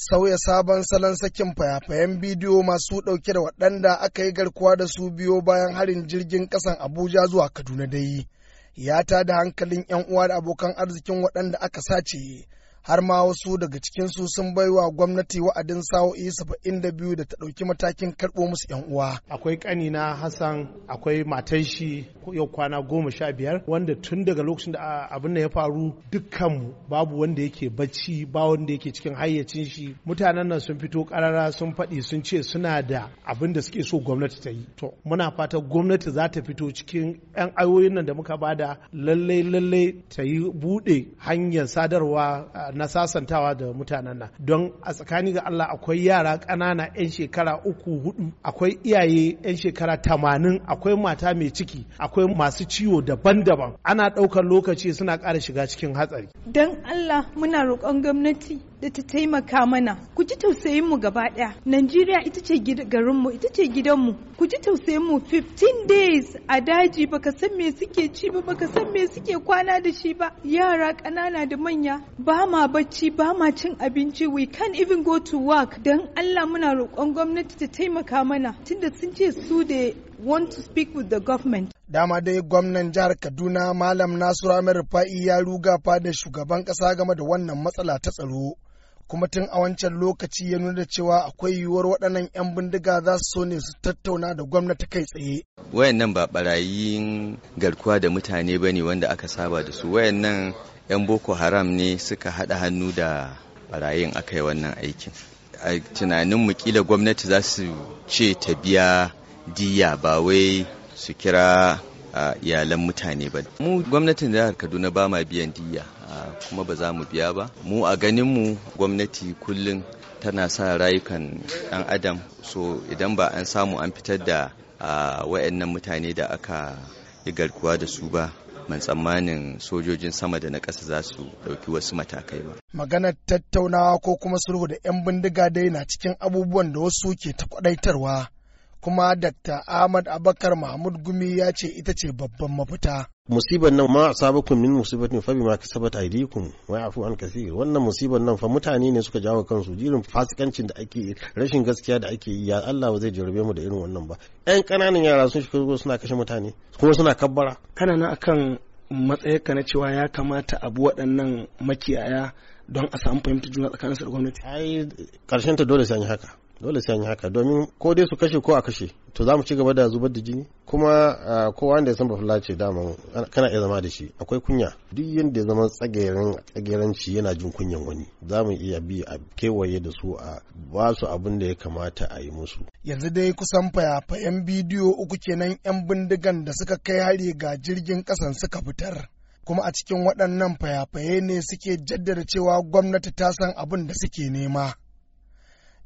sauya sabon salon sakin fayafayen bidiyo masu ɗauke da waɗanda aka yi garkuwa da su biyo bayan harin jirgin ƙasan abuja zuwa kaduna dai ya da hankalin 'yan uwa da abokan arzikin waɗanda aka sace har ma wasu daga cikinsu sun baiwa gwamnati wa'adin sa'o'i saba'in da biyu da ta ɗauki matakin karɓo musu yan uwa. Akwai ƙanina Hassan, akwai matan shi yau kwana goma sha biyar wanda tun daga lokacin da ah, abin da ya faru dukkan mu babu wanda yake bacci ba wanda yake cikin hayyacin shi mutanen nan sun fito ƙarara sun faɗi sun ce suna da abin da suke so gwamnati ta yi. To muna fata gwamnati za ta fito cikin 'yan ayoyin nan da muka bada lallai lallai ta yi buɗe hanyar sadarwa ah, na sasantawa da mutanen nan don a tsakani ga Allah akwai yara ƙanana 'yan shekara uku hudu akwai iyaye 'yan shekara tamanin akwai mata mai ciki akwai masu ciwo daban-daban ana ɗaukar lokaci suna ƙara shiga cikin hatsari don Allah muna roƙon gwamnati da ta taimaka mana ku ji tausayin mu gaba daya Najeriya ita ce garin mu ita ce gidan ku ji tausayin mu 15 days a daji baka san me suke ci ba baka san me suke kwana da shi ba yara kanana da manya ba ma bacci ba ma cin abinci we can't even go to work dan Allah muna roƙon gwamnati ta taimaka mana tunda sun ce su da want to speak with the government dama dai gwamnan jihar kaduna malam nasiru amir fa'i ya ruga fadin shugaban kasa game da wannan matsala ta tsaro kuma tun a wancan lokaci ya nuna cewa akwai yiwuwar waɗannan 'yan bindiga za su so ne su tattauna da gwamnati kai tsaye. Wayannan ba barayin garkuwa da mutane ba ne wanda aka saba da su wayannan 'yan Boko Haram ne suka haɗa hannu da barayin aka yi wannan aikin. A tunanin mu kila gwamnati za su ce ta biya diya ba wai su kira a iyalan mutane ba mu gwamnatin jihar kaduna ba ma biyan diya kuma ba za mu biya ba mu a ganin mu gwamnati kullum tana sa rayukan ɗan adam so idan ba an samu an fitar da wa'annan mutane da aka yi garkuwa da su ba man tsammanin sojojin sama da na ƙasa za su ɗauki wasu matakai ba. Maganar tattaunawa ko kuma sulhu da 'yan bindiga dai na cikin abubuwan da wasu ke ta kwadaitarwa. kuma Dr. Ahmad Abakar Mahmud Gumi ya ce ita ce babban mafita. musibar nan ma kun min musibatin fa bima kasabat aydikum wa yafu an kaseer wannan musibar nan fa mutane ne suka jawo kansu jirin fasikancin da ake rashin gaskiya da ake yi ya Allah ba zai jarabe mu da irin wannan ba Yan ƙananan yara sun shiga suna kashe mutane kuma suna kabbara kana nan akan ka na cewa ya kamata abu waɗannan makiyaya don a samu fahimtar juna tsakaninsu da gwamnati ai karshen ta dole sai an yi haka dole sai an yi haka domin ko dai su kashe ko a kashe to za mu ci gaba da zubar da jini kuma kowa wanda ya san bafula ce dama kana iya zama da shi akwai kunya duk yadda ya zama tsageren tsageranci yana jin kunyan wani za mu iya bi a kewaye da su a ba su abin da ya kamata a yi musu yanzu dai kusan fayafayen bidiyo uku kenan yan bindigan da suka kai hari ga jirgin kasan suka fitar kuma a cikin waɗannan fayafaye ne suke jaddada cewa gwamnati ta san abin da suke nema